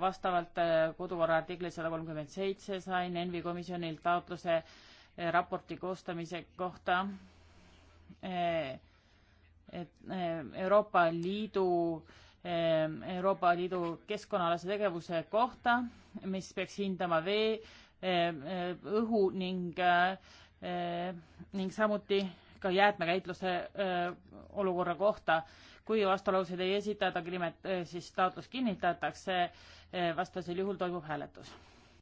vastavalt äh, kodukorra artikli sada kolmkümmend seitse sain ENVI komisjonilt taotluse äh, raporti koostamise kohta, äh, et Euroopa Liidu, Euroopa Liidu keskkonnaalase tegevuse kohta, mis peaks hindama vee, õhu ning, ning samuti ka jäätmekäitluse olukorra kohta. kui vastulauseid ei esitata, siis taotlus kinnitatakse, vastasel juhul toimub hääletus